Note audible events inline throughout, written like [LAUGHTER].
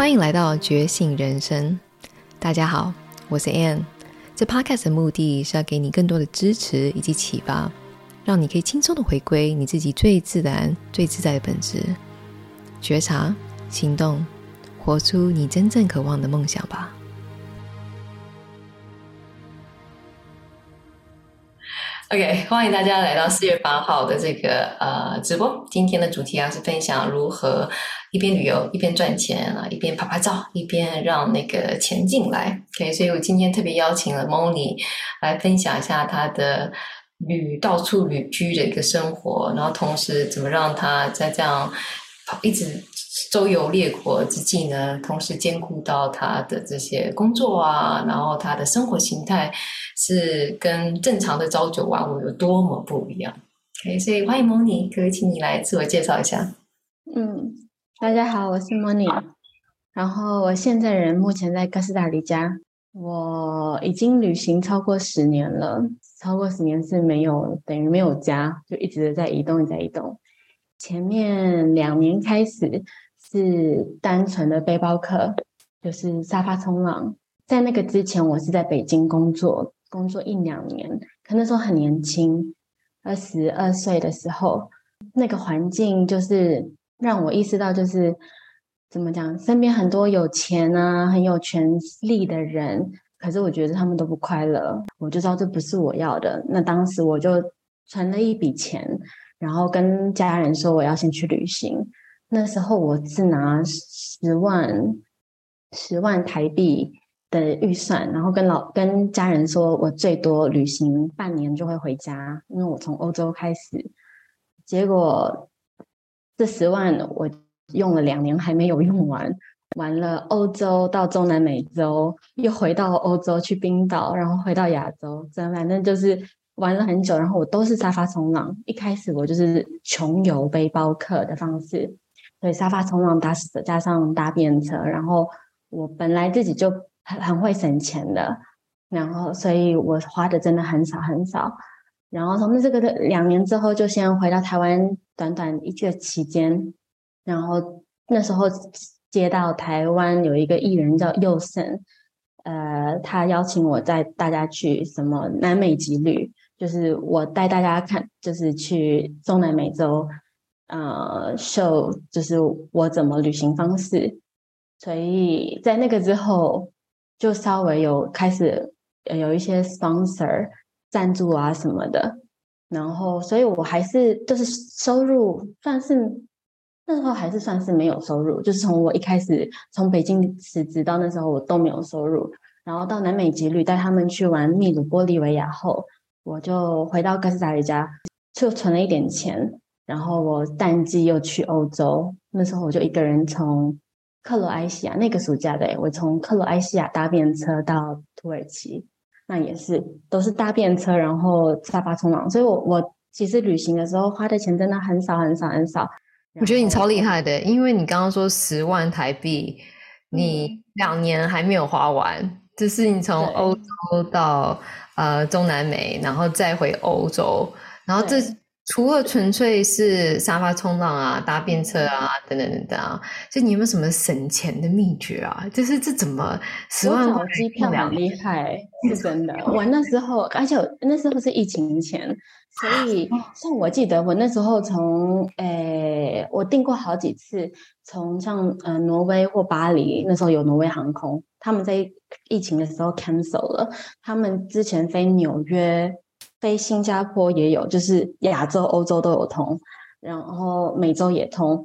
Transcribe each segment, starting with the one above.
歡迎來到覺醒人生，大家好，我是 Anne。這 Podcast 的目的是要給你更多的支持以及啟發，讓你可以輕鬆的回歸你自己最自然、最自在的本質，覺察、行動，活出你真正渴望的夢想吧。OK，歡迎大家來到四月八號的這個呃直播。今天的主題啊是分享如何一邊旅遊一邊賺錢啊，一邊拍拍照一邊讓那個錢進來。OK，所以我今天特別邀請了 Moni 來分享一下她的旅到處旅居的一個生活，然後同時怎麼讓她在這樣。一直周遊列國之際呢，同時兼顧到他的這些工作啊，然後他的生活形態是跟正常的朝九晚五有多麼不一樣？OK，所以歡迎 Moni，可以請你來自我介紹一下。嗯，大家好，我是 Moni。然後我現在人目前在哥斯達黎加，我已經旅行超過十年了，超過十年是沒有等於沒有家，就一直在移動，在移動。前面兩年開始是單純的背包客，就是沙發衝浪。在那個之前，我是在北京工作，工作一兩年。可那時候很年輕，二十二歲的時候，那個環境就是讓我意識到，就是怎麼講，身邊很多有錢啊、很有權力的人，可是我覺得他們都不快樂。我就知道這不是我要的。那當時我就存了一筆錢。然後跟家人說，我要先去旅行。那時候我只拿十萬、十萬台幣的預算，然後跟老跟家人說，我最多旅行半年就會回家，因為我從歐洲開始。結果這十萬我用了兩年還沒有用完，完了歐洲到中南美洲，又回到歐洲去冰島，然後回到亞洲，這樣反正就是。玩了很久，然後我都是沙發衝浪。一開始我就是窮遊背包客的方式，所以沙發衝浪搭車加上搭便車。然後我本來自己就很很會省錢的，然後所以我花的真的很少很少。然後從這個的兩年之後，就先回到台灣，短短一個期間。然後那時候接到台灣有一個藝人叫宥勝，呃，他邀請我帶大家去什麼南美之旅。就是我帶大家看，就是去中南美洲，呃，show，就是我怎麼旅行方式，所以在那個之後就稍微有開始有一些 sponsor 贊助啊什麼的，然後，所以我還是就是收入算是那時候還是算是沒有收入，就是從我一開始從北京辭職到那時候我都沒有收入，然後到南美結旅帶他們去玩秘魯、玻利維亞後，我就回到哥斯達黎加，就存了一點錢，然後我淡季又去歐洲。那時候我就一個人從克羅埃西亞，那個暑假的，我從克羅埃西亞搭便車到土耳其，那也是都是搭便車，然後沙發衝浪。所以我，我我其實旅行的時候花的錢真的很少很少很少。我覺得你超厲害的，因為你剛剛說十萬台幣，嗯，你兩年還沒有花完，就是你從歐洲到。呃，中南美，然後再回歐洲，然後這除了純粹是沙發衝浪啊、對搭便車啊對等等等等啊，就你有沒有什麼省錢的秘訣啊？就是這怎麼十萬塊錢機票好厲害，是真的。 [LAUGHS] 我那時候，而且那時候是疫情前，所以像我記得，我那時候從誒，我訂過好幾次，從像呃挪威或巴黎，那時候有挪威航空。他們在疫情的時候 cancel 了。他們之前飛紐約、飛新加坡也有，就是亞洲、歐洲都有通，然後美洲也通，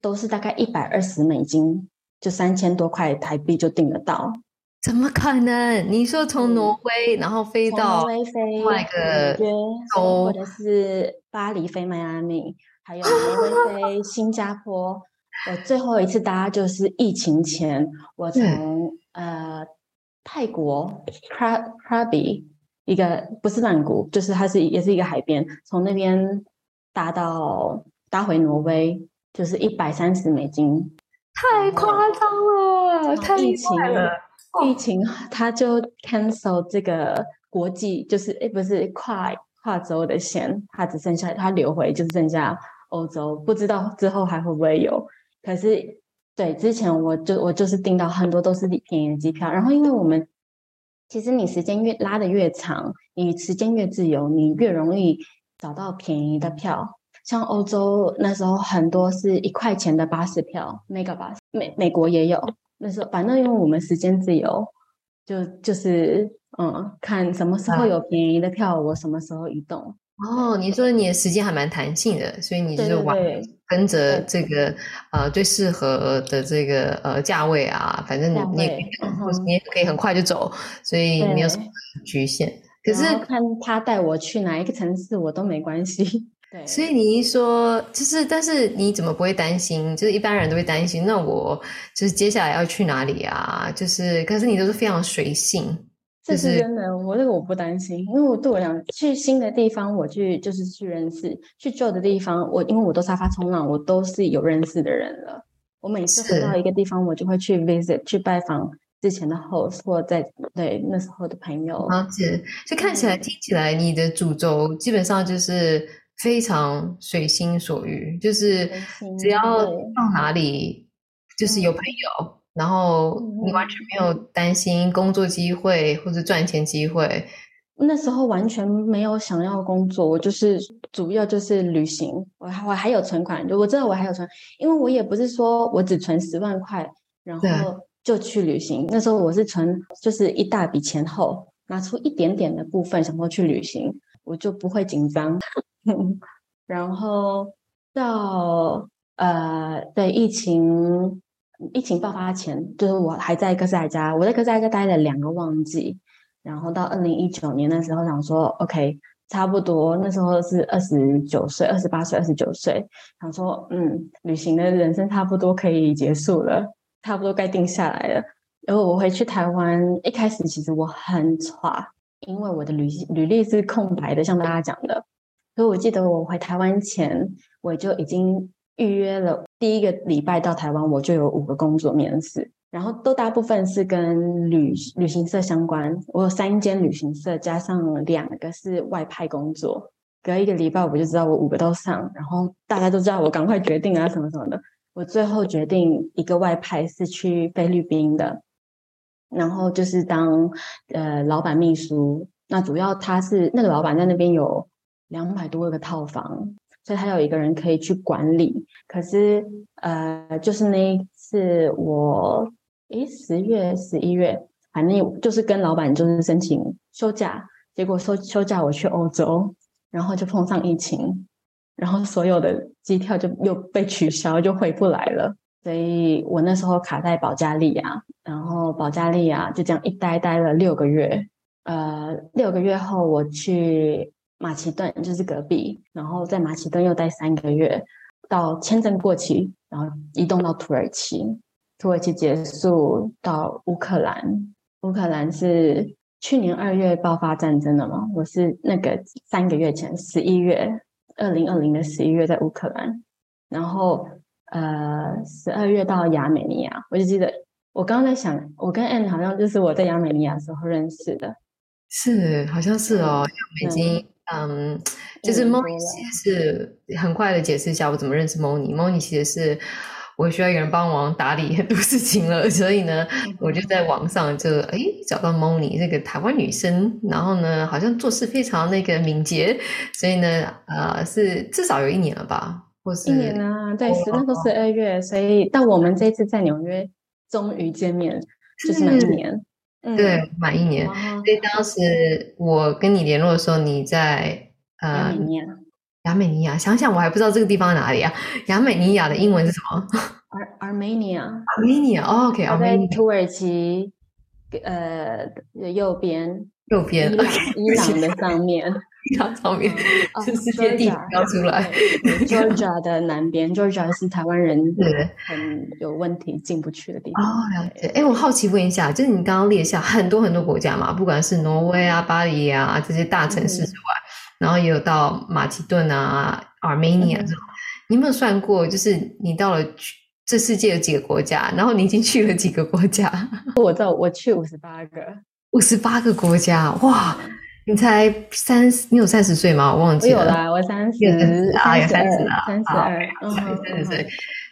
都是大概一百二十美金，就三千多塊台幣就訂得到。怎麼可能？你說從挪威，嗯，然後飛到外個，從挪威飛，或者，喔，巴黎飛邁阿密，還有挪威飛新加坡。 [LAUGHS] 我最後一次搭就是疫情前，我從，嗯。呃，泰國 Krabi 一個不是曼谷，就是它是也是一個海邊，從那邊搭到搭回挪威，就是一百三十美金，太誇張了！哇太厲害了，疫情疫情，他哇就 cancel 這個國際，就是也、欸、不是跨跨洲的線，它只剩下它留回，就是、剩下歐洲，不知道之後還會不會有，可是。對，之前我就我就是訂到很多都是便宜的機票，然後因為我們其實你時間越拉得越長，你時間越自由，你越容易找到便宜的票。像歐洲那時候很多是一塊錢的巴士票，那個巴士美美國也有。那時候反正因為我們時間自由，就就是嗯，看什麼時候有便宜的票，我什麼時候移動。哦，你說你的時間還蠻彈性的，所以你就是往跟着這個對對對呃最適合的這個呃價位啊，反正你位你也可以，嗯、哼你也可以很快就走，所以沒有什麼局限。對可是看他帶我去哪一個城市，我都沒關係。對，所以你一說就是，但是你怎麼不會擔心？就是一般人都會擔心，那我就是接下來要去哪裡啊？就是可是你都是非常隨性。這是真的，我這個我不擔心，因為我對我來講，去新的地方我去就是去認識，去舊的地方我因為我都沙发衝浪，我都是有認識的人了。我每次回到一個地方，我就會去 visit 是去拜訪之前的 host 或在對那時候的朋友。啊、是，就看起來、嗯、聽起來，你的主軸基本上就是非常隨心所欲，就是只要到哪裡對就是有朋友。嗯然後你完全沒有擔心工作機會、嗯、或是賺錢機會，那時候完全沒有想要工作，我就是主要就是旅行。我我還有存款，我知道我還有存款，因為我也不是說我只存十萬塊，然後就去旅行。對那時候我是存就是一大筆錢後，拿出一點點的部分，想說去旅行，我就不會緊張。 [LAUGHS] 然後到呃，對疫情。疫情爆發前，就是我還在哥斯達黎加，我在哥斯達黎加待了兩個旺季，然後到二零一九年的時候，想說 OK，差不多，那時候是二十九歲，二十八歲，二十九歲，想說嗯，旅行的人生差不多可以結束了，差不多該定下來了。然後我回去台灣，一開始其實我很差，因為我的履履歷是空白的，像大家講的，所以我記得我回台灣前，我就已經。預約了第一個禮拜到台灣，我就有五個工作面試，然後都大部分是跟旅旅行社相關。我有三間旅行社，加上兩個是外派工作。隔一個禮拜我就知道我五個都上，然後大家都知道我趕快決定啊什麼什麼的。我最後決定一個外派是去菲律賓的，然後就是當呃老闆秘書。那主要他是那個老板在那邊有兩百多個套房。所以他有一個人可以去管理，可是呃，就是那一次我，誒，十月十一月，反正就是跟老闆就是申請休假，結果休休假我去歐洲，然後就碰上疫情，然後所有的機票就又被取消，就回不來了。所以我那時候卡在保加利亞，然後保加利亞就這樣一待待了六個月，呃，六個月後我去。馬其頓就是隔壁，然後在馬其頓又待三個月，到簽證過期，然後移動到土耳其，土耳其結束到烏克蘭，烏克蘭是去年二月爆發戰爭的嘛？我是那個三個月前十一月二零二零年的十一月在烏克蘭，然後呃十二月到亞美尼亞，我就記得我剛剛在想，我跟 Anne 好像就是我在亞美尼亞時候認識的，是好像是哦，已經。嗯 Um, 嗯，就是 Moni 其實是很快的解釋一下我怎麼認識 Moni、嗯。Moni 其實是我需要有人幫忙打理很多事情了，嗯、所以呢，嗯、我就在網上就哎找到 Moni 這個台灣女生，然後呢，好像做事非常那個敏捷，所以呢，呃，是至少有一年了吧，或是一年啊，對，十那時候十二月，哦、所以到我們這一次在紐約終於見面，是的就是那一年。嗯嗯、對，滿一年，啊、所以當時我跟你聯絡的時候，你在呃，亞美，亞，亞美尼亞。想想我還不知道這個地方哪裡啊？亞美尼亞的英文是什麼？Ar Armenia，Armenia OK，Armenia。土耳其，呃，右邊，右邊，伊，okay，伊朗的上面。 [LAUGHS] 草甸 [LAUGHS] 上、嗯、就是接地剛出來、啊、，Georgia [LAUGHS] [LAUGHS] 對的南邊，Georgia 是台灣人很有問題進不去的地方。 [LAUGHS] 對哦，了解。誒，我好奇問一下，就是你剛剛列下很多很多國家嘛，不管是挪威啊、巴黎啊這些大城市之外，嗯、然後也有到馬其頓啊、Armenia 這種，嗯、嗎你有沒有算過？就是你到了這世界有幾個國家，然後你已經去了幾個國家？我到我去五十八個，五十八個國家，哇！你才三十，你有三十歲嗎？我忘記了，我有啦，我三十啊，有三十啊，三十二，三十歲，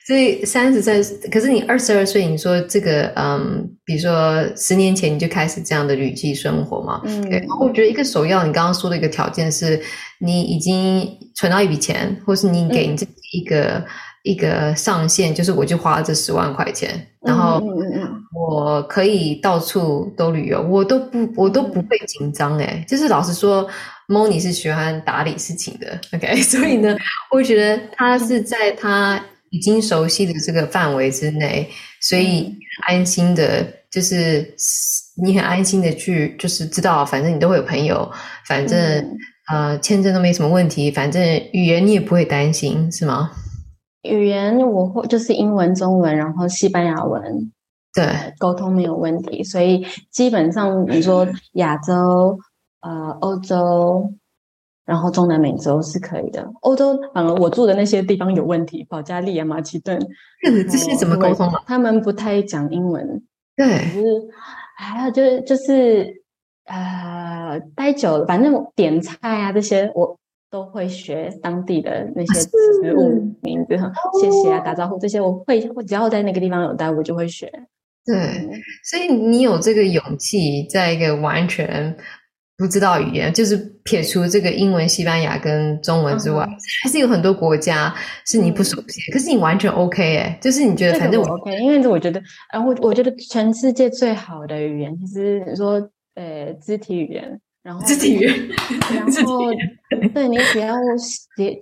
所以三十歲，可是你二十二歲，你說這個，嗯，比如說十年前你就開始這樣的旅居生活嘛？嗯，對。然後我覺得一個首要，你剛剛說的一個條件是你已經存到一筆錢，或是你給你自己一個。一個上限就是，我就花了這十萬塊錢，然後我可以到處都旅遊，我都不，我都不會緊張誒、欸，就是老實說，Moni 是喜歡打理事情的，OK？所以呢，我覺得他是在他已經熟悉的這個範圍之內，所以安心的，就是你很安心的去，就是知道反正你都會有朋友，反正呃簽證都沒什麼問題，反正語言你也不會擔心，是嗎？語言我會就是英文、中文，然後西班牙文，對、呃，溝通沒有問題。所以基本上比如說亞洲、對呃歐洲，然後中南美洲是可以的。歐洲，反正我住的那些地方有問題，保加利亞、啊、馬其頓對，這些怎麼溝通對他們不太講英文，對，還有就，就是還有就是就是呃，待久了，反正點菜啊這些我。都會學當地的那些植物名字、啊嗯、謝謝啊、打招呼這些，我會。我只要在那個地方有待，我就會學。對，嗯、所以你有這個勇氣，在一個完全不知道語言，就是撇除這個英文、西班牙跟中文之外，嗯、還是有很多國家是你不熟悉。嗯、可是你完全 OK 哎，就是你覺得反正我，我 OK，因為我覺得，然後我覺得全世界最好的語言，其實你說，呃，肢體語言。然後肢體語言，然後對，對，對，你只要，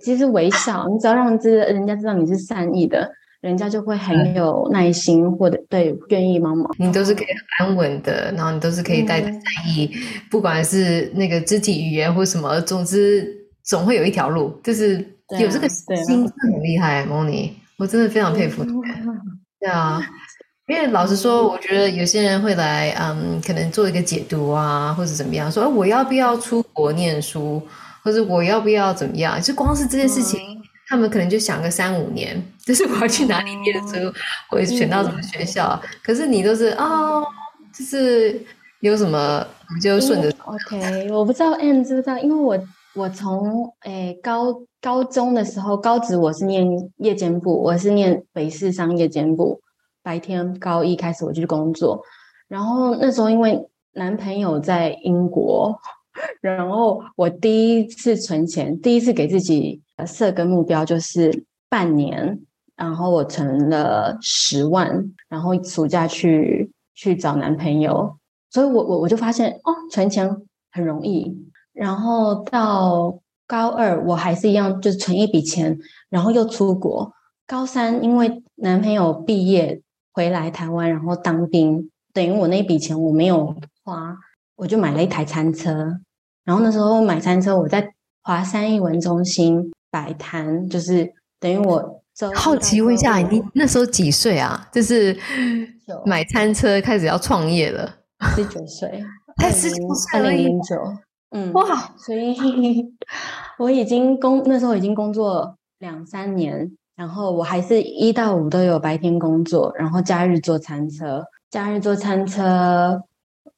其實微笑， [LAUGHS] 你只要讓知人家知道你是善意的，人家就會很有耐心，或者對願意幫忙。你都是可以很安穩的，嗯、然後你都是可以帶着善意，嗯、不管是那個肢體語言或什麼，總之總會有一條路，就是有這個心、啊啊、很厲害，Moni、欸，我真的非常佩服你。對啊。對啊因為老實說，我覺得有些人會來，嗯，可能做一個解讀啊，或者怎麼樣，說我要不要出國念書，或者我要不要怎麼樣？就光是這件事情，嗯、他們可能就想個三五年，就是我要去哪裡念書，嗯、我選到什麼學校。嗯、可是你都是哦，就是有什麼你就順着、嗯。OK，我不知道 M 知不知道，因為我我從誒、欸、高高中的時候，高職我是念夜間部，我是念北市商夜間部。白天高一開始我就去工作，然後那時候因為男朋友在英國，然後我第一次存錢，第一次給自己設個目標就是半年，然後我存了十萬，然後暑假去去找男朋友，所以我我我就發現哦存錢很容易，然後到高二我還是一樣就是存一筆錢，然後又出國，高三因為男朋友畢業。回來台灣，然後當兵，等於我那一筆錢我沒有花，我就買了一台餐車。然後那時候買餐車，我在華山藝文中心擺攤，就是等於我，我19，好奇問一下、啊，你那時候幾歲啊？就是買餐車開始要創業了，十九歲，十九二零零九，嗯，哇，所以我已經工那時候已經工作兩三年。然後我還是一到五都有白天工作，然後假日做餐車，假日做餐車，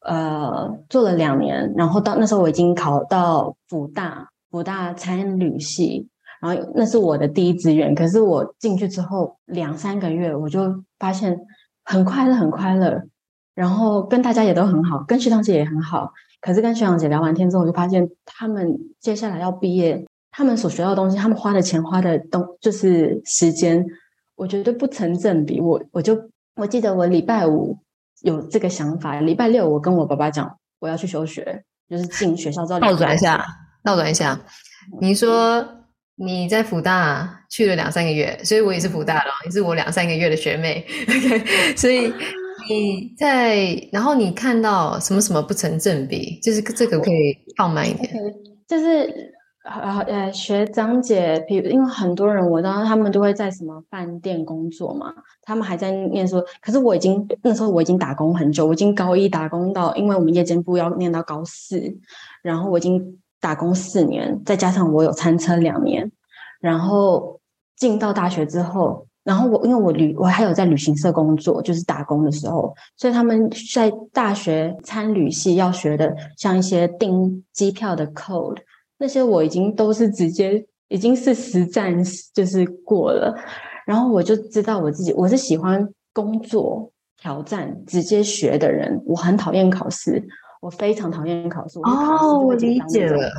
呃，做了兩年，然後到那時候我已經考到福大，福大餐旅系，然後那是我的第一志願。可是我進去之後兩三個月，我就發現很快樂，很快樂，然後跟大家也都很好，跟學長姐也很好，可是跟學長姐聊完天之後，我就發現他們接下來要畢業。他們所學到的東西，他們花的錢、花的東就是時間，我覺得不成正比。我我就我記得我禮拜五有這個想法，禮拜六我跟我爸爸講我要去休學，就是進學校這裡。倒轉一下，倒轉一下。嗯、你說你在輔大去了兩三個月，所以我也是輔大了，也是我兩三個月的學妹。OK，、嗯、 [LAUGHS] 所以你在，然後你看到什麼什麼不成正比，就是這個可以放慢一點，嗯、okay, 就是。好好，呃，uh, yeah, 學長姐，比如，因為很多人我知道他們都會在什麼飯店工作嘛，他們還在念書。可是我已經那時候我已經打工很久，我已經高一打工到，因為我們夜間部要念到高四，然後我已經打工四年，再加上我有餐車兩年，然後進到大學之後，然後我因為我旅我還有在旅行社工作，就是打工的時候，所以他們在大學餐旅系要學的，像一些訂機票的 code。那些我已經都是直接已經是實戰，就是過了，然後我就知道我自己我是喜歡工作挑戰，直接學的人，我很討厭考試，我非常討厭考試。我考試哦，我理解了。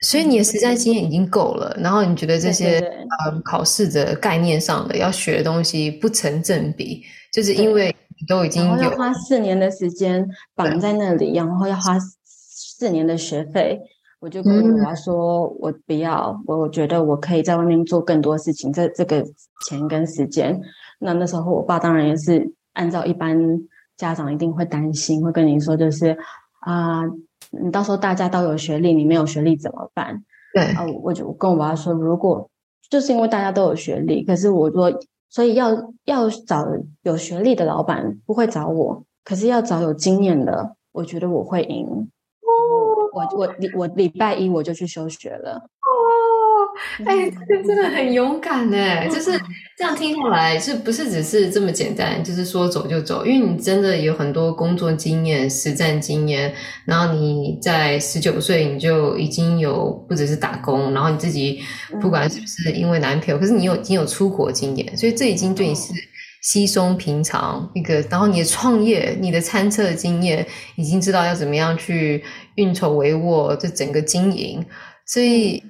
所以你的實戰經驗已經夠了，是然後你覺得這些對對對嗯考試的概念上的要學的東西不成正比，就是因為你都已經有要花四年的時間綁在那裡，對然後要花四年的學費。我就跟我爸說，我不要，嗯、我覺得我可以在外面做更多事情。這這個錢跟時間，那那時候我爸當然也是按照一般家長一定會擔心，會跟你說就是啊、呃，你到時候大家都有學歷，你沒有學歷怎麼辦？對啊，我就跟我爸說，如果就是因為大家都有學歷，可是我說，所以要要找有學歷的老闆不會找我，可是要找有經驗的，我覺得我會贏。我我我禮拜一我就去休學了哦，哎、oh oh, 欸，這個真的很勇敢哎、欸， [LAUGHS] 就是這樣聽下來是不是只是這麼簡單？就是說走就走，因為你真的有很多工作經驗、實戰經驗，然後你在十九歲你就已經有不只是打工，然後你自己不管是不是因為男朋友，嗯、可是你有你有出國經驗，所以這已經對你是稀鬆平常一個。Oh. 然後你的創業、你的餐車經驗，已經知道要怎麼樣去。運籌帷幄，這整個經營，所以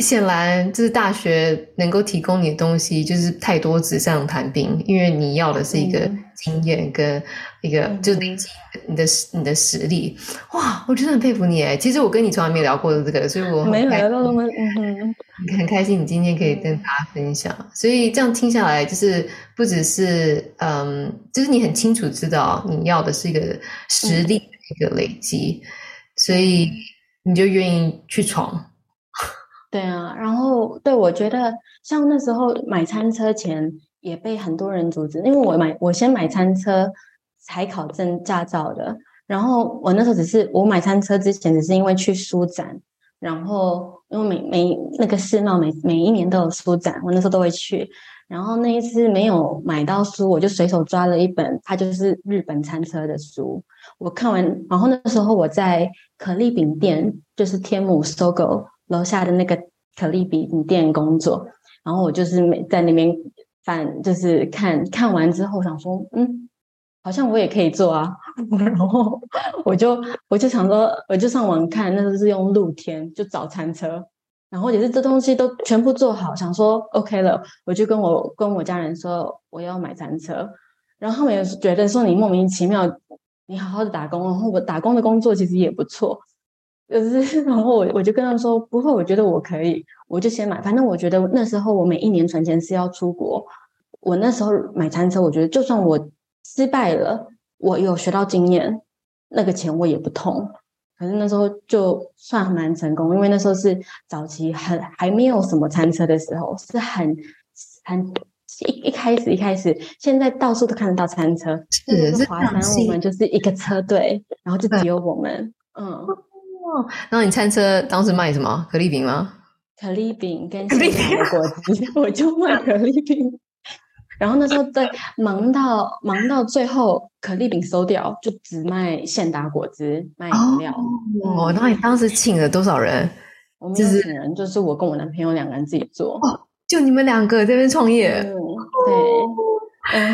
顯然這是大學能夠提供你的東西，就是太多紙上談兵。因為你要的是一個經驗跟一個就是你的、嗯、你的你的實力。哇，我真的很佩服你！哎，其實我跟你從來沒有聊過的這個，所以我沒聊到。嗯，很開心你今天可以跟大家分享。所以這樣聽下來，就是不只是嗯，就是你很清楚知道你要的是一個實力的一個累積。所以你就願意去闖，對啊。然後對，我覺得，像那時候買餐車前也被很多人阻止，因為我買我先買餐車才考證駕照的。然後我那時候只是我買餐車之前只是因為去書展，然後因為每每那個世貿每每一年都有書展，我那時候都會去。然後那一次沒有買到書，我就隨手抓了一本，它就是日本餐車的書。我看完，然後那時候我在可麗餅店，就是天母 SOGO 樓下的那個可麗餅店工作，然後我就是每在那邊翻，就是看看完之後想說，嗯，好像我也可以做啊，然後我就我就想說，我就上網看，那都是用露天，就早餐車，然後也是這東西都全部做好，想說 OK 了，我就跟我跟我家人說我要買餐車，然後後面覺得說你莫名其妙。你好好的打工，然後我打工的工作其實也不錯，可、就是然後我我就跟他們說不會，我覺得我可以，我就先買。反正我覺得那時候我每一年存錢是要出國，我那時候買餐車，我覺得就算我失敗了，我有學到經驗，那個錢我也不痛。可是那時候就算蠻成功，因為那時候是早期很，很還沒有什麼餐車的時候，是很很。一一開始，一開始，現在到處都看得到餐車。是華山，我們就是一個車隊，然後就只有我們。嗯，然後你餐車當時賣什麼？可麗餅嗎？可麗餅跟現打果汁，我就賣可麗餅。然後那時候，對，忙到忙到最後，可麗餅收掉，就只賣現打果汁，賣飲料。哦，那你當時請了多少人？我們一人，就是我跟我男朋友兩個人自己做。就你們兩個在那邊創業。對，嗯，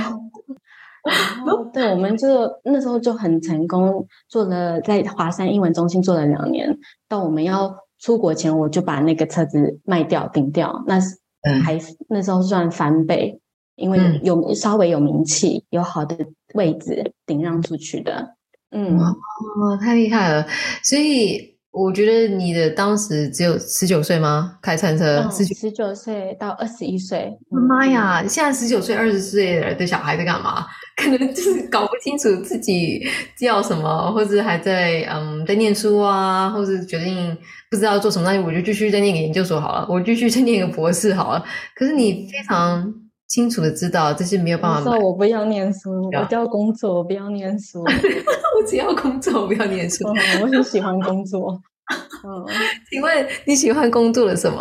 然後對，我們就那時候就很成功，做了在華山英文中心做了兩年，到我們要出國前，我就把那個車子賣掉頂掉，那是還、嗯、那時候算翻倍，因為有、嗯、稍微有名氣，有好的位置頂讓出去的，嗯，哇，哇，太厲害了，所以。我覺得你的當時只有十九歲嗎？開餐車十九、哦、歲到二十一歲。嗯、媽、媽呀！現在十九歲、二十歲、二十歲的小孩在幹嘛？可能就是搞不清楚自己叫什麼，或是還在嗯在念書啊，或是決定不知道要做什麼，那我就繼續再念個研究所好了，我繼續再念個博士好了。可是你非常。清楚的知道這是沒有辦法。說，我不要念書，我要工作，我不要念書，我只要工作，我不要念書。 [LAUGHS] 我很 [LAUGHS] 喜歡工作。 [LAUGHS] 請問你喜歡工作了什麼？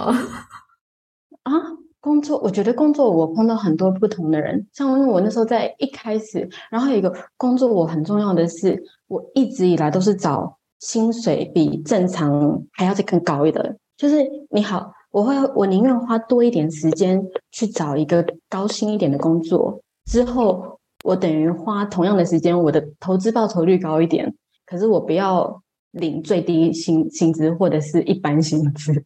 啊，工作，我覺得工作，我碰到很多不同的人，像因為我那時候在一開始，然後有一個工作，我很重要的是，我一直以來都是找薪水比正常還要再更高一點，就是你好。我會，我寧願花多一點時間去找一個高薪一點的工作。之後，我等於花同樣的時間，我的投資報酬率高一點。可是，我不要領最低薪薪資或者是一般薪資。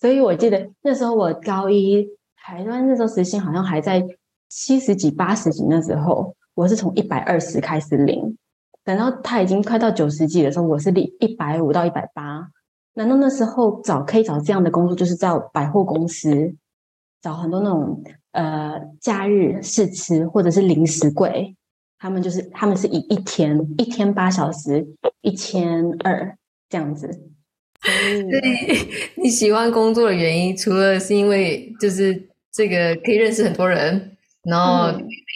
所以我記得那時候我高一，台灣那時候時薪好像還在七十幾、八十幾，那時候我是從一百二十開始領，等到他已經快到九十幾的時候，我是領一百五到一百八。難道那時候找可以找這樣的工作，就是在百貨公司找很多那種呃假日試吃或者是零食櫃，他們就是他們是以一天一天八小時一千二這樣子。所以對你喜歡工作的原因，除了是因為就是這個可以認識很多人，嗯、然後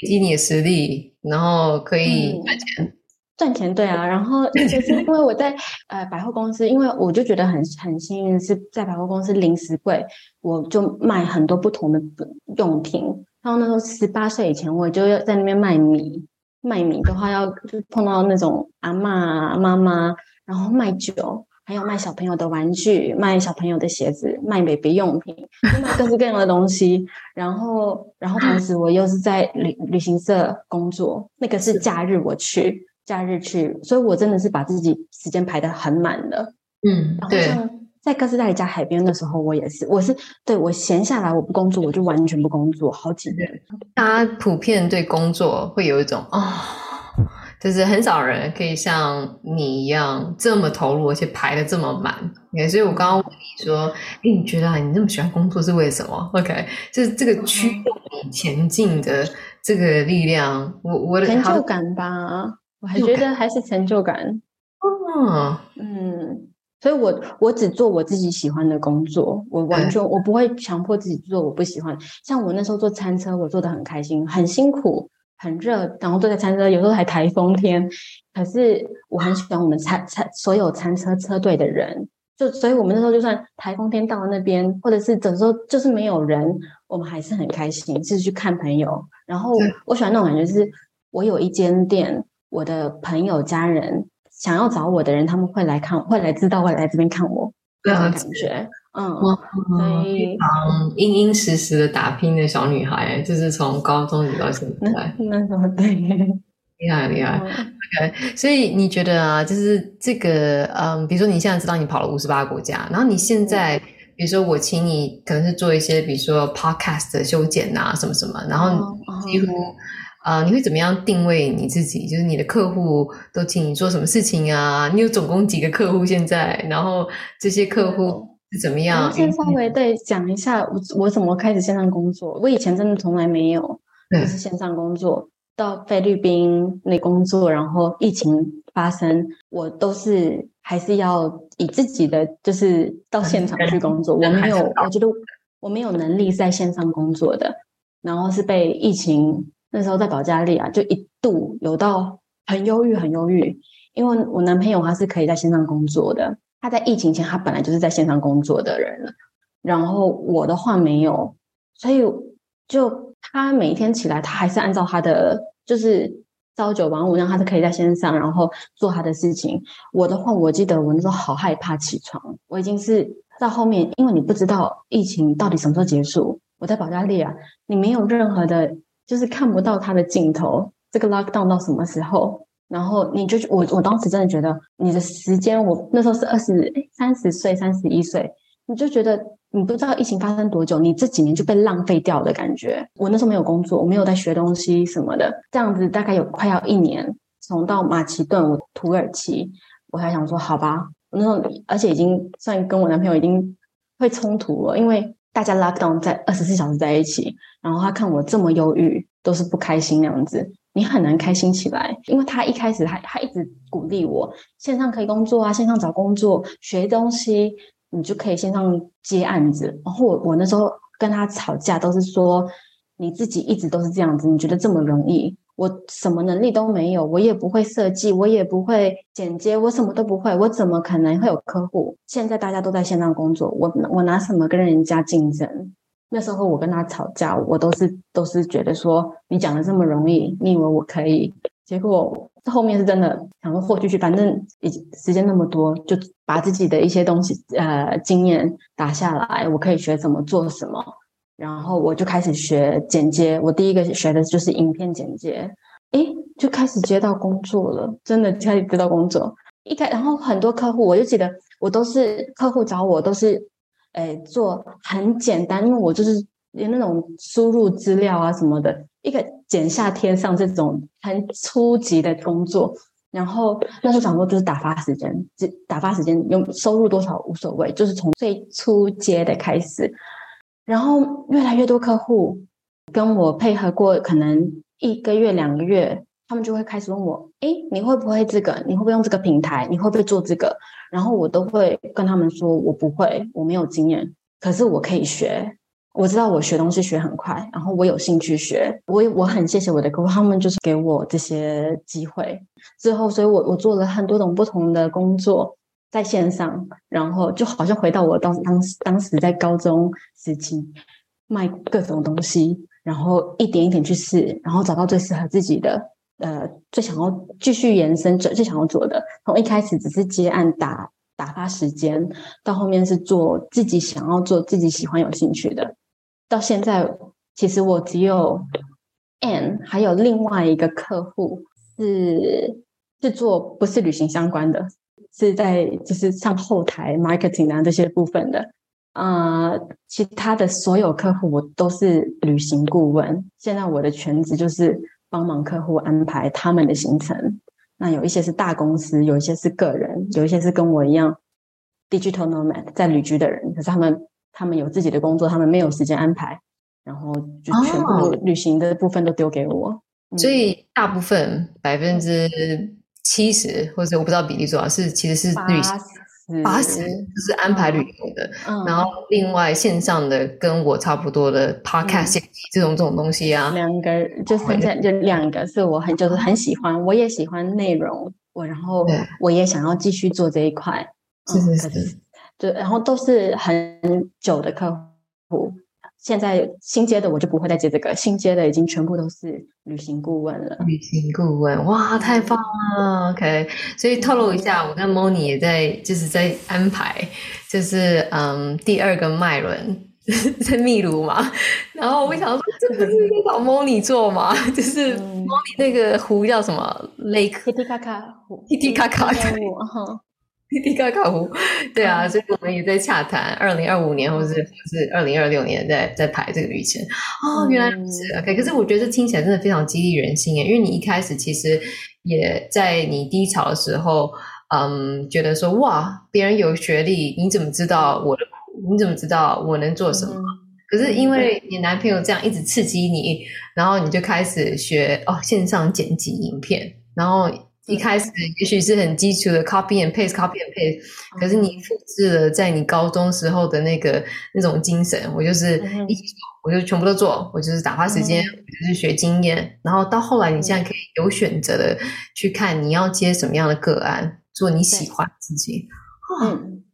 以你的實力，然後可以賺錢。嗯賺錢對啊，然後就是因為我在 [LAUGHS] 呃百貨公司，因為我就覺得很很幸運的是在百貨公司零食櫃，我就賣很多不同的用品。然後那時候十八歲以前，我就要在那邊賣米。賣米的話，要就碰到那種阿嬤、媽媽，然後賣酒，還有賣小朋友的玩具、賣小朋友的鞋子、賣 baby 用品，賣各式各樣的東西。 [LAUGHS] 然後，然後同時我又是在旅旅行社工作，那個是假日我去。假日去，所以我真的是把自己時間排得很滿的。嗯，對。在哥斯達黎加海邊的時候，我也是，對我是對我閒下來我不工作，我就完全不工作，好幾年，月。大家普遍對工作會有一種哦，就是很少人可以像你一樣這麼投入，而且排的這麼滿。也、okay, 以我剛剛問你說，哎、欸，你覺得你那麼喜歡工作是為什麼？OK，這這個驅動你前進的這個力量，我我的成就感吧。我還覺得還是成就感 Okay. Oh. 嗯，所以我，我我只做我自己喜歡的工作，我完全我不會強迫自己做我不喜歡。像我那時候做餐車，我做的很開心，很辛苦，很熱，然後坐在餐車，有時候還台風天，可是我很喜歡我們餐餐所有餐車車隊的人，就所以我們那時候就算台風天到了那邊，或者是等於說就是沒有人，我們還是很開心，就是去看朋友。然後我喜歡那種感覺是，是我有一間店。我的朋友、家人想要找我的人，他們會來看，會來知道，會來這邊看我，對啊、這樣的感覺，哇嗯，我以，非常嗯，殷殷、嗯嗯、實實的打拼的小女孩，就是從高中一直到現在，那怎麼對？厲害厲害，那個、哦，okay, 所以你覺得啊，就是這個，嗯，比如說你現在知道你跑了五十八個國家，然後你現在，嗯、比如說我請你可能是做一些，比如說 podcast 的修剪啊，什麼什麼，然後幾乎、哦。哦啊、呃，你會怎麼樣定位你自己？就是你的客戶都請你做什麼事情啊？你有總共幾個客戶現在？然後這些客戶怎麼樣？嗯、先稍微對，講一下我，我我怎麼開始線上工作？我以前真的從來沒有就是線上工作，嗯、到菲律賓那工作，然後疫情發生，我都是還是要以自己的就是到現場去工作。嗯、我沒有，我覺得我沒有能力在線上工作的，然後是被疫情。那時候在保加利亞，就一度有到很憂鬱，很憂鬱。因為我男朋友他是可以在線上工作的，他在疫情前他本來就是在線上工作的人了。然後我的話沒有，所以就他每一天起來，他還是按照他的，就是朝九晚五讓他是可以在線上，然後做他的事情。我的話，我記得我那時候好害怕起床，我已經是到後面，因為你不知道疫情到底什麼時候結束。我在保加利亞，你沒有任何的。就是看不到他的鏡頭，這個 lockdown 到什麼時候？然後你就我，我當時真的覺得你的時間，我那時候是二十哎三十歲，三十一歲，你就覺得你不知道疫情發生多久，你這幾年就被浪費掉的感覺。我那時候沒有工作，我沒有在學東西什麼的，這樣子大概有快要一年，從到馬其頓，我土耳其，我還想說好吧，我那時候而且已經算跟我男朋友已經會衝突了，因為。大家拉 o 在二十四小時在一起，然後他看我這麼憂鬱，都是不開心那樣子，你很難開心起來，因為他一開始還還一直鼓勵我，線上可以工作啊，線上找工作、學東西，你就可以線上接案子。然後我我那時候跟他吵架，都是說你自己一直都是這樣子，你覺得這麼容易？我什麼能力都沒有，我也不會設計，我也不會剪接，我什麼都不會，我怎麼可能會有客戶？現在大家都在線上工作，我我拿什麼跟人家競爭？那時候我跟他吵架，我都是都是覺得說你講的這麼容易，你以為我可以？結果後面是真的想說豁出去，反正已經時間那麼多，就把自己的一些東西呃經驗打下來，我可以學怎麼做什麼。然後我就開始學剪接，我第一個學的就是影片剪接，咦，就開始接到工作了，真的開始接到工作。一開，然後很多客戶，我就記得我都是客戶找我，都是，哎，做很簡單，因為我就是有那種輸入資料啊什麼的，一個剪下貼上這種很初級的工作，然後那時候想說就是打發時間，就打發時間，用收入多少無所謂，就是從最初接的開始。然後越來越多客戶跟我配合過，可能一個月兩個月，他們就會開始問我，誒，你會不會這個？你會不會用這個平台？你會不會做這個？然後我都會跟他們說，我不會，我沒有經驗，可是我可以學。我知道我學東西學很快，然後我有興趣學。我也我很謝謝我的客戶，他們就是給我這些機會。之後，所以我我做了很多種不同的工作。在線上，然後就好像回到我當當當時在高中時期，賣各種東西，然後一點一點去試，然後找到最適合自己的，呃，最想要繼續延伸做最想要做的。從一開始只是接案打打發時間，到後面是做自己想要做自己喜歡有興趣的。到現在，其實我只有 Anne 還有另外一個客戶是是做不是旅行相關的。是在就是上後台 marketing 啊，這些部分的，啊、呃，其他的所有客戶我都是旅行顧問。現在我的全職就是幫忙客戶安排他們的行程。那有一些是大公司，有一些是個人，有一些是跟我一樣 digital nomad 在旅居的人。可是他們他們有自己的工作，他們沒有時間安排，然後就全部旅行的部分都丟給我。啊嗯、所以大部分百分之。嗯七十，或者我不知道比例多少，是其實是旅行八十，八十就是安排旅遊的。嗯嗯、然後另外線上的跟我差不多的 Podcast、嗯、這種這種，這種東西啊，兩個就是在就兩個是我很就是很喜歡，我也喜歡內容，我然後我也想要繼續做這一塊，對嗯、是是是，對，然後都是很久的客戶。現在新接的我就不會再接這個，新接的已經全部都是旅行顧問了。旅行顧問，哇，太棒了，嗯、OK。所以透露一下，嗯、我跟 Moni 也在就是在安排，就是嗯第二個脈輪、嗯、 [LAUGHS] 在秘魯嘛。嗯、然後我想說，這不是在找 Moni 做嘛？嗯、 [LAUGHS] 就是 Moni 那個湖叫什麼 Lake？提提卡卡湖。提提卡卡。提提卡滴滴嘎嘎糊， [LAUGHS] 對啊，所以我們也在洽談，二零二五年，或是或是二零二六年在，在在排這個旅程。哦，原來不是，可、嗯 okay, 可是我覺得這聽起來真的非常激勵人心耶，因為你一開始其實也在你低潮的時候，嗯，覺得說哇，別人有學歷，你怎麼知道我的苦？你怎麼知道我能做什麼？嗯、可是因為你男朋友這樣一直刺激你，然後你就開始學哦，線上剪輯影片，然後。一開始也許是很基礎的 copy and paste, copy and paste，copy and paste，、嗯、可是你複製了在你高中時候的那個那種精神，我就是一起做，嗯、我就全部都做，我就是打發時間，嗯、我就是學經驗。然後到後來，你現在可以有選擇的去看你要接什麼樣的個案，做你喜歡自己。嗯，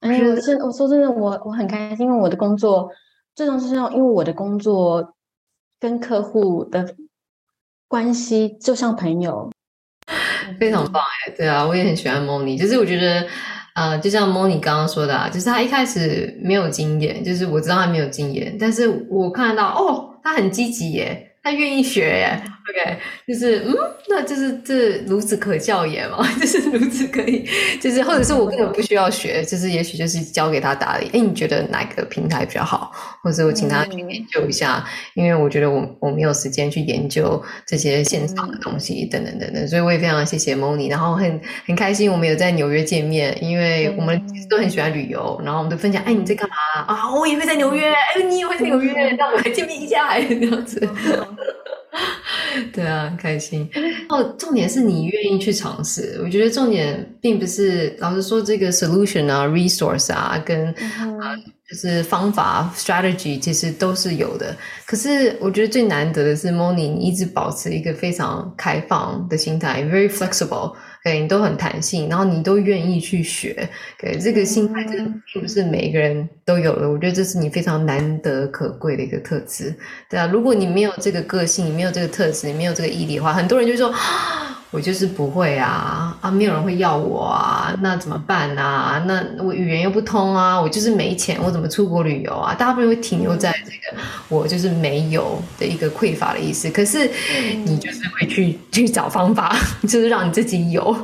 哎，我真，我說真的，我我很開心，因為我的工作，最重要是因為我的工作跟客戶的，關係就像朋友。非常棒，哎，對啊，我也很喜歡 Moni，就是我覺得，呃，就像 Moni 剛剛說的，啊，就是他一開始沒有經驗，就是我知道他沒有經驗，但是我看到哦，他很積極耶，他願意學耶。對，就是嗯，那就是這孺子可教也嘛， [LAUGHS] 就是孺子可以，就是或者是我根本不需要學，就是也許就是交給他打理。哎，你覺得哪個平台比較好？或者我請他去研究一下，嗯、因為我覺得我我沒有時間去研究這些線上的東西，嗯、等等等等。所以我也非常謝謝 Moni，然後很很開心我們有在紐約見面，因為我們其實都很喜歡旅遊，然後我們都分享，哎、嗯，你在幹嘛啊？我也會在紐約，哎，你也會在紐約，讓、嗯、我們來見面一下哎，這樣子。嗯嗯對啊，開心、哦。重點是你願意去嘗試。我覺得重點並不是，老實說，這個 solution 啊、resource 啊，跟啊就是方法 strategy 其實都是有的。可是我覺得最難得的是，Moni，你一直保持一個非常開放的心態，very flexible。對，你都很彈性，然後你都願意去學，對，這個心態是不是每一個人都有了？我覺得這是你非常難得可貴的一個特質，對啊，如果你沒有這個個性，你沒有這個特質，你沒有這個毅力的話，很多人就說。我就是不會啊啊，沒有人會要我啊，那怎麼辦啊？那我語言又不通啊，我就是沒錢，我怎麼出國旅遊啊？大部分會停留在這個我就是沒有的一個匱乏的意思，可是你就是會去、嗯、去找方法，就是讓你自己有。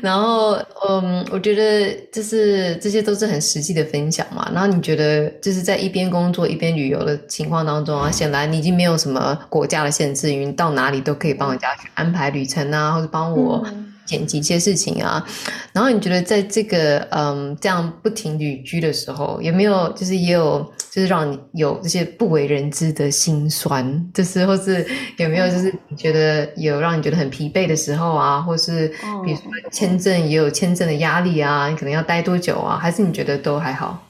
然後，嗯，我覺得就是這些都是很實際的分享嘛。然後你覺得就是在一邊工作一邊旅遊的情況當中啊，顯然你已經沒有什麼國家的限制，你到哪裡都可以幫人家去安排旅程啊，或者幫我剪輯一些事情啊。嗯嗯，然後你覺得在這個嗯，這樣不停旅居的時候，有沒有就是也有？就是讓你有這些不為人知的心酸，就是這時候是有沒有？就是你覺得有讓你覺得很疲憊的時候啊，或是比如說簽證也有簽證的壓力啊，哦，你可能要待多久啊？還是你覺得都還好？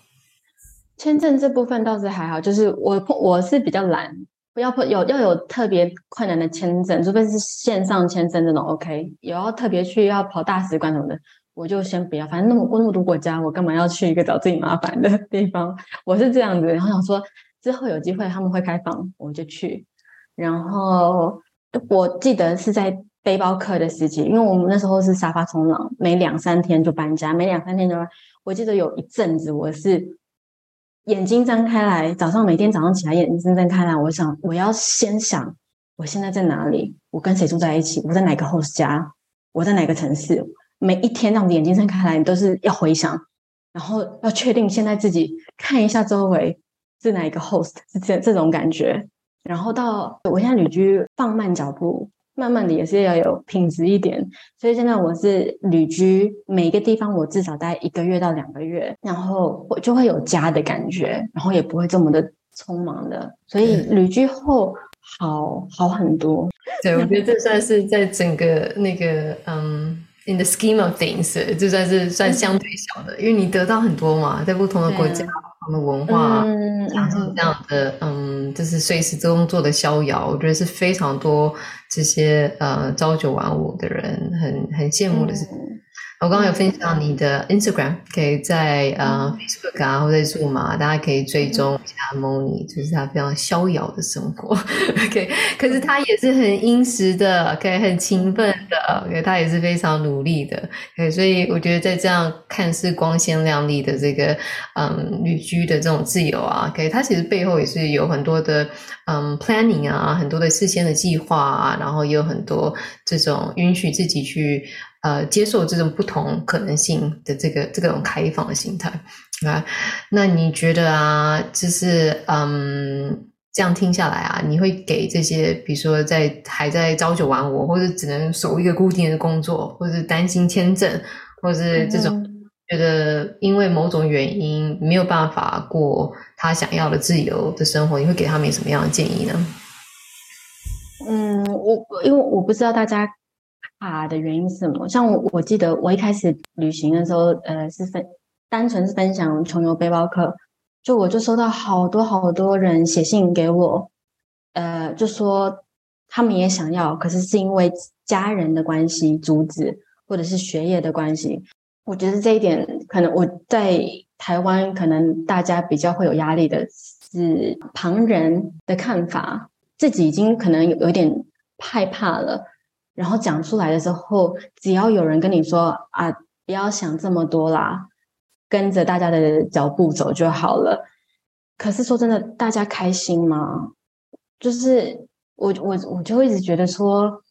簽證這部分倒是還好，就是我我是比較懶，不要有要有特別困難的簽證，除非是線上簽證這種 OK，有要特別去要跑大使館什麼的。我就先不要，反正那麼過那麼多國家，我幹嘛要去一個找自己麻煩的地方？我是這樣子，然後想說之後有機會他們會開放，我就去。然後我記得是在背包客的時期，因為我們那時候是沙發衝浪，每兩三天就搬家，每兩三天就搬。我記得有一陣子我是眼睛張開來，早上每天早上起來眼睛睜睜開來，我想我要先想我現在在哪裡，我跟誰住在一起，我在哪個 host 家，我在哪個城市。每一天讓眼睛睜開來，你都是要回想，然後要確定現在自己看一下周圍是哪一個 host，是這這種感覺。然後到我現在旅居，放慢腳步，慢慢的也是要有品質一點。所以現在我是旅居，每一個地方我至少待一個月到兩個月，然後我就會有家的感覺，然後也不會這麼的匆忙的。所以旅居後好好很多。嗯。對，我覺得這算是在整個那個嗯。In the scheme of things, 就算是算相對小的，嗯、因為你得到很多嘛，在不同的國家、嗯、不同的文化，享受、嗯、這樣的嗯，就是隨時工作做的逍遙，我覺得是非常多這些呃朝九晚五的人很很羨慕的事情。嗯我剛剛有分享你的 Instagram，可以在，okay?、uh, Facebook 啊，或者駐馬，大家可以追蹤一下 Moni，就是他非常逍遙的生活。OK，可是他也是很殷實的可以、okay? 很勤奮的，OK，他也是非常努力的。OK，所以我覺得在這樣看似光鮮亮麗的這個嗯旅居的這種自由啊，OK，他其實背後也是有很多的嗯 planning 啊，很多的事先的計劃啊，然後也有很多這種允許自己去。呃，接受這種不同可能性的這個這種開放的心態啊，那你覺得啊，就是嗯，這樣聽下來啊，你會給這些比如說在還在朝九晚五，或者只能守一個固定的工作，或者擔心簽證，或者是這種、嗯、覺得因為某種原因沒有辦法過他想要的自由的生活，你會給他們什麼樣的建議呢？嗯，我因為我不知道大家。怕的原因是什麼？像我，我記得我一開始旅行的時候，呃，是分，單純是分享窮遊背包客，就我就收到好多好多人寫信給我，呃，就說他們也想要，可是是因為家人的關係阻止，或者是學業的關係。我覺得這一點可能我在台灣，可能大家比較會有壓力的是旁人的看法，自己已經可能有點害怕了。然後講出來的時候，只要有人跟你說啊，不要想這麼多啦，跟着大家的腳步走就好了。可是說真的，大家開心嗎？就是我我我就一直覺得說，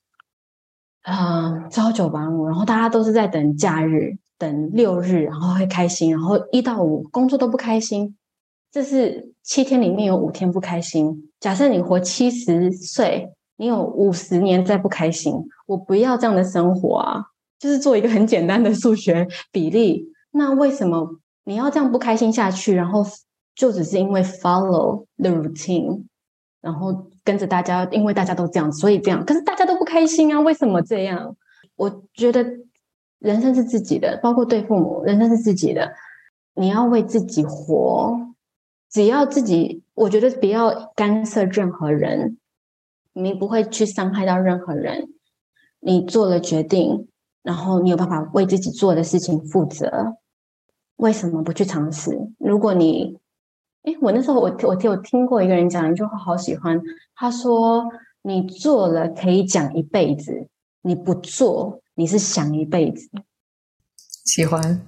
嗯、呃，朝九晚五，然後大家都是在等假日，等六日，然後會開心，然後一到五工作都不開心，這是七天裡面有五天不開心。假設你活七十歲。你有五十年再不開心，我不要這樣的生活啊！就是做一個很簡單的數學比例，那為什麼你要這樣不開心下去？然後就只是因為 follow the routine，然後跟着大家，因為大家都這樣，所以這樣，可是大家都不開心啊！為什麼這樣？我覺得人生是自己的，包括對父母，人生是自己的，你要為自己活。只要自己，我覺得不要干涉任何人。你不會去傷害到任何人，你做了決定，然後你有辦法為自己做的事情負責，為什麼不去嘗試？如果你，哎，我那時候我我有聽過一個人講一句話，好喜歡。他說：“你做了可以講一輩子，你不做你是想一輩子。”喜歡。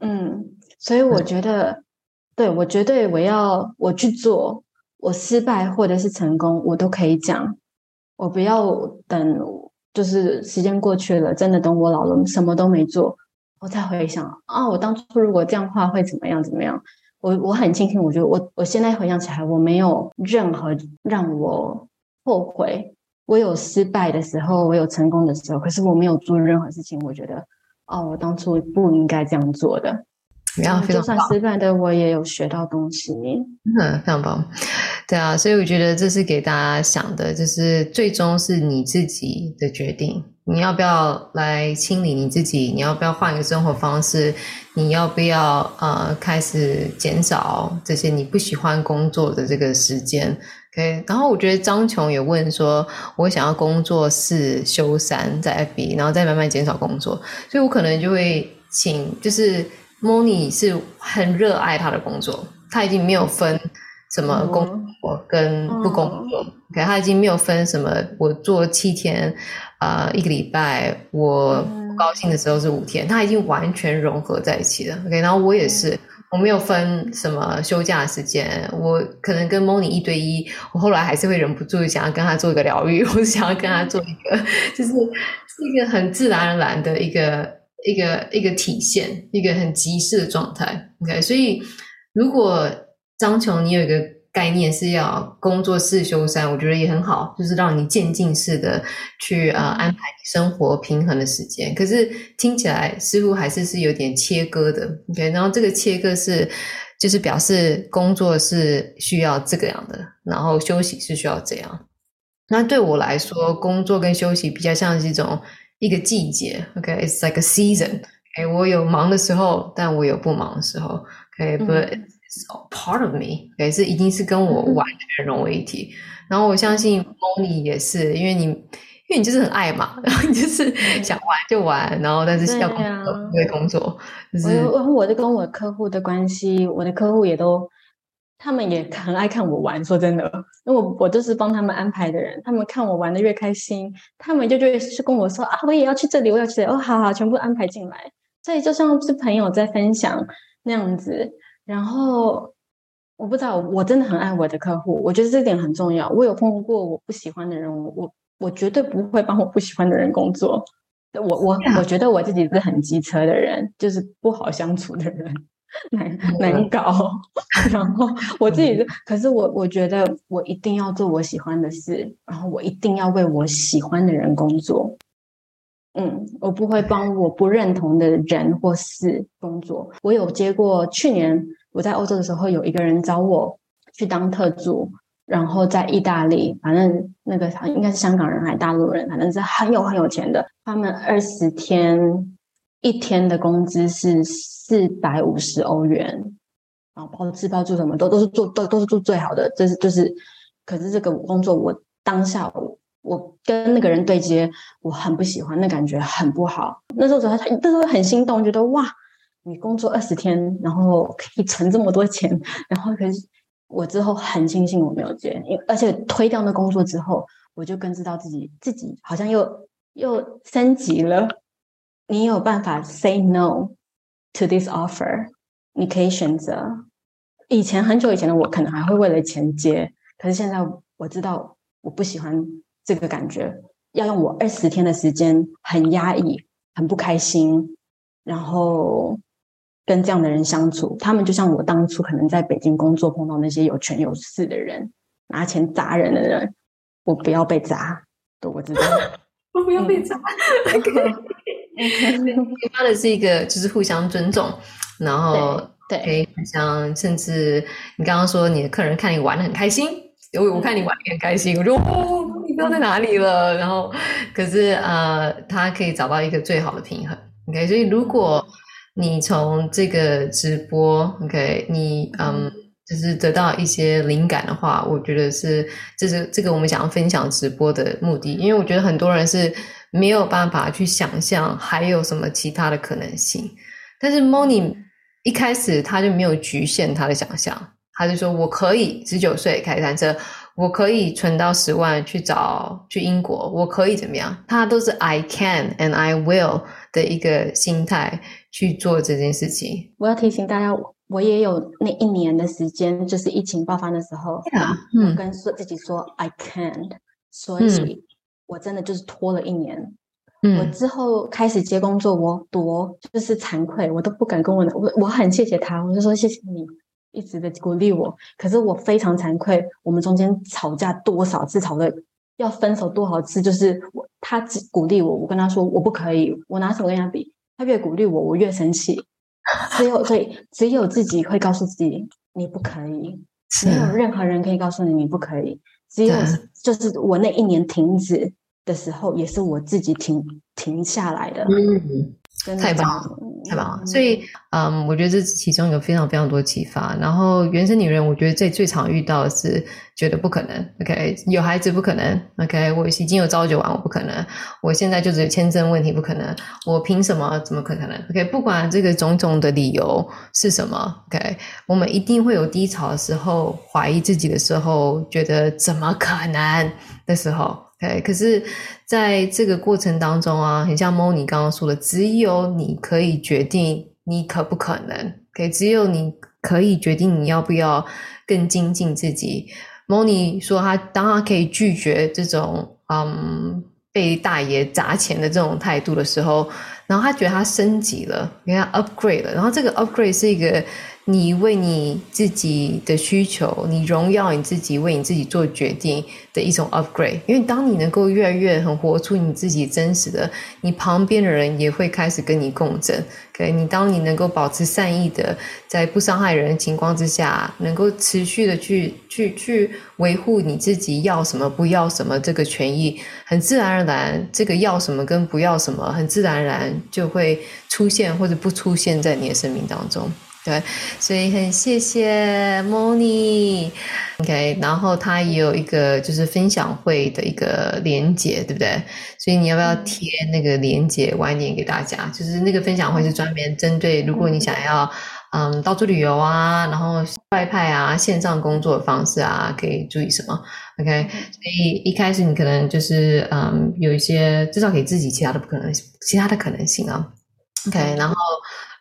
嗯，所以我覺得，嗯、對，我絕對我要我去做，我失敗或者是成功，我都可以講。我不要等，就是時間過去了，真的等我老了，什麼都沒做，我再回想啊、哦，我當初如果這樣的話會怎麼樣？怎麼樣？我我很慶幸，我覺得我我現在回想起來，我沒有任何讓我後悔。我有失敗的時候，我有成功的時候，可是我沒有做任何事情，我覺得哦，我當初不應該這樣做的。非常、嗯，就算失敗的我也有學到東西。嗯，非常棒。對啊，所以我覺得這是給大家想的，就是最終是你自己的決定，你要不要來清理你自己，你要不要換一個生活方式，你要不要呃開始減少這些你不喜歡工作的這個時間。OK，然後我覺得張瓊也問說，我想要工作四休三在 FB，然後再慢慢減少工作，所以我可能就會請就是。Moni 是很熱愛他的工作，他已經沒有分什麼工作跟不工作，OK，他、嗯嗯、已經沒有分什麼我做七天，呃，一個禮拜我不高興的時候是五天，他已經完全融合在一起了。OK，然後我也是，我沒有分什麼休假時間，我可能跟 Moni 一對一，我後來還是會忍不住想要跟他做一個療癒，我想要跟他做一個，嗯、就是是一個很自然而然的一個。一個一個體現，一個很極致的狀態。OK，所以如果張瓊，你有一個概念是要工作四休三，我覺得也很好，就是讓你漸進式的去呃安排你生活平衡的時間。可是聽起來似乎還是是有點切割的。OK，然後這個切割是就是表示工作是需要這個樣的，然後休息是需要這樣。那對我來說，工作跟休息比較像是一種。一個季節，OK，it's、okay? like a season。哎，我有忙的時候，但我有不忙的時候。OK，but、okay? 嗯、it's all part of me。哎，是一定是跟我完全融為一體。嗯、然後我相信 Moni 也是，因為你，因為你就是很愛嘛。嗯、然後你就是想玩就玩，然後但是要工作，不會、啊、工作。就是，我,我,我的跟我客戶的關係，我的客戶也都。他們也很愛看我玩，說真的，因為我我都是幫他們安排的人，他們看我玩的越開心，他們就越是跟我說啊，我也要去這裡，我要去這裡，哦，好好，全部安排進來，所以就像是朋友在分享那樣子。然後我不知道，我真的很愛我的客戶，我覺得這點很重要。我有碰過我不喜歡的人，我我絕對不會幫我不喜歡的人工作。我我我覺得我自己是很機車的人，就是不好相處的人。難難搞， [LAUGHS] 然後我自己，嗯、可是我我覺得我一定要做我喜歡的事，然後我一定要為我喜歡的人工作。嗯，我不會幫我不認同的人或事工作。我有接過，去年我在歐洲的時候，有一個人找我去當特助，然後在意大利，反正那個應該是香港人還是大陸人，反正是很有很有錢的，他們二十天，一天的工資是四百五十歐元，然後包吃包住什麼都都是做，都都是做最好的，這是就是，可是這個工作我當下我我跟那個人對接，我很不喜歡，那感覺很不好。那時候說他那時候很心動，覺得哇，你工作二十天然後可以存這麼多錢，然後可是我之後很慶幸我沒有接，因為而且推掉那工作之後，我就更知道自己自己好像又又升級了。你有辦法 say no to this offer？你可以選擇。以前很久以前的我，可能還會為了錢接。可是現在我知道，我不喜歡這個感覺。要用我二十天的時間，很壓抑，很不開心。然後跟這樣的人相處，他們就像我當初可能在北京工作碰到那些有權有勢的人，拿錢砸人的人。我不要被砸，我知道 [LAUGHS] 我不要被砸。 [LAUGHS] OK。開發的是一個，就是互相尊重，然後對互相，甚至你剛剛說你的客人看你玩的很開心，我我看你玩的很開心，我說哦，你不知道在哪裡了？然後可是啊、呃，他可以找到一個最好的平衡，OK。所以如果你從這個直播，OK，你嗯，就是得到一些靈感的話，我覺得是這是這個我們想要分享直播的目的，因為我覺得很多人是。沒有辦法去想象還有什麼其他的可能性，但是 Moni 一開始他就沒有局限他的想象，他就說：“我可以十九歲開一單車，我可以存到十萬去找去英國，我可以怎麼樣？”他都是 I can and I will 的一個心態去做這件事情。我要提醒大家，我也有那一年的時間，就是疫情爆發的時候，yeah, 嗯、跟說自己說 I can't，所以。我真的就是拖了一年，嗯，我之後開始接工作，我多就是慚愧，我都不敢跟我我我很謝謝他，我就說謝謝你一直的鼓勵我，可是我非常慚愧，我們中間吵架多少次，吵的要分手多少次，就是我他只鼓勵我，我跟他說我不可以，我拿什麼跟他比？他越鼓勵我，我越生氣，只有 [LAUGHS] 所以只有自己會告訴自己你不可以，是沒有任何人可以告訴你你不可以。只有就是我那一年停止的時候，也是我自己停停下來的。太棒了，嗯，太棒了。所以，嗯，um，我覺得這其中有非常非常多啟發。然後，原生女人，我覺得最最常遇到的是覺得不可能。OK，有孩子不可能。OK，我已經有朝九晚五不可能。我現在就只有簽證問題不可能。我憑什麼？怎麼可能？OK，不管這個種種的理由是什麼，OK，我們一定會有低潮的時候，懷疑自己的時候，覺得怎麼可能的時候。對，可是在這個過程當中啊，很像 Moni 剛剛說的，只有你可以決定你可不可能，給只有你可以決定你要不要更精進自己。Moni 說他當他可以拒絕這種嗯被大爺砸錢的這種態度的時候，然後他覺得他升級了，給他 upgrade 了，然後這個 upgrade 是一個。你為你自己的需求，你榮耀你自己，為你自己做決定的一種 upgrade。因為當你能夠越來越很活出你自己真實的，你旁邊的人也會開始跟你共振。可、okay? 你當你能夠保持善意的，在不傷害人的情況之下，能夠持續的去去去維護你自己要什麼不要什麼這個權益，很自然而然，這個要什麼跟不要什麼，很自然而然就會出現或者不出現在你的生命當中。對，所以很謝謝 Moni，OK，、okay, 然後他也有一個就是分享會的一個連結，對不對？所以你要不要貼那個連結晚一點給大家？就是那個分享會是專門針對如果你想要嗯到處旅遊啊，然後外派啊、線上工作的方式啊，可以注意什麼？OK，所以一開始你可能就是嗯有一些至少給自己，其他的不可能，其他的可能性啊，OK，然後。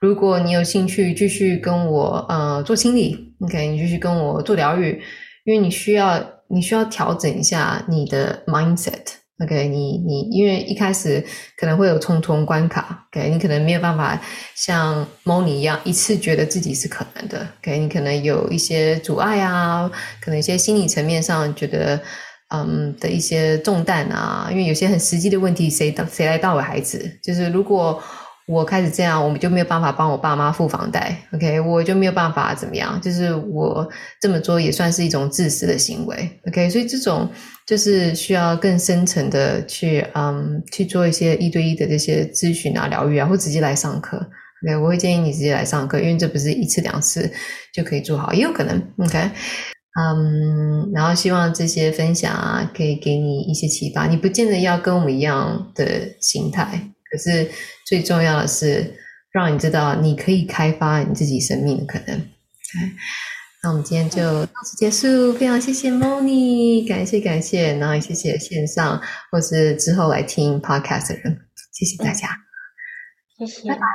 如果你有興趣繼續跟我呃做清理，OK，你繼續跟我做療癒，因為你需要你需要調整一下你的 mindset，OK，、okay? 你你因為一開始可能會有重重關卡，OK，你可能沒有辦法像 Moni 一樣一次覺得自己是可能的，OK，你可能有一些阻礙啊，可能一些心理層面上覺得嗯的一些重擔啊，因為有些很實際的問題誰，誰當誰來當我孩子？就是如果。我開始這樣，我們就沒有辦法幫我爸媽付房貸，OK？我就沒有辦法怎麼樣，就是我這麼做也算是一種自私的行為，OK？所以這種就是需要更深層的去，嗯，去做一些一對一的這些諮詢啊、療癒啊，或直接來上課，OK？我會建議你直接來上課，因為這不是一次兩次就可以做好，也有可能，OK？嗯，然後希望這些分享啊，可以給你一些啟發，你不見得要跟我們一樣的心態。可是最重要的是，讓你知道你可以開發你自己生命的可能。對。那我們今天就到此結束，非常謝謝 m o n y 感謝感謝，然後也謝謝線上或是之後來聽 Podcast 的人，謝謝大家，謝謝，拜拜。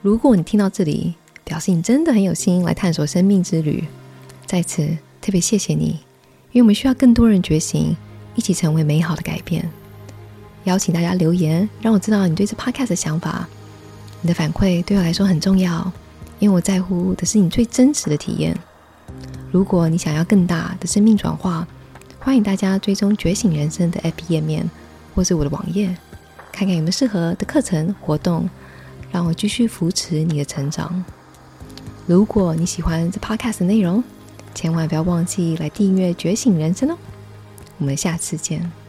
如果你聽到這裡，表示你真的很有心來探索生命之旅，在此特別謝謝你，因為我們需要更多人覺醒。一起成為美好的改變。邀請大家留言，讓我知道你對這 podcast 的想法。你的反饋對我來說很重要，因為我在乎的是你最真實的體驗。如果你想要更大的生命轉化，歡迎大家追蹤“覺醒人生”的 app 頁面，或是我的網頁，看看有沒有適合的課程活動，讓我繼續扶持你的成長。如果你喜歡這 podcast 的內容，千萬不要忘記來訂閱“覺醒人生”哦。我們下次見。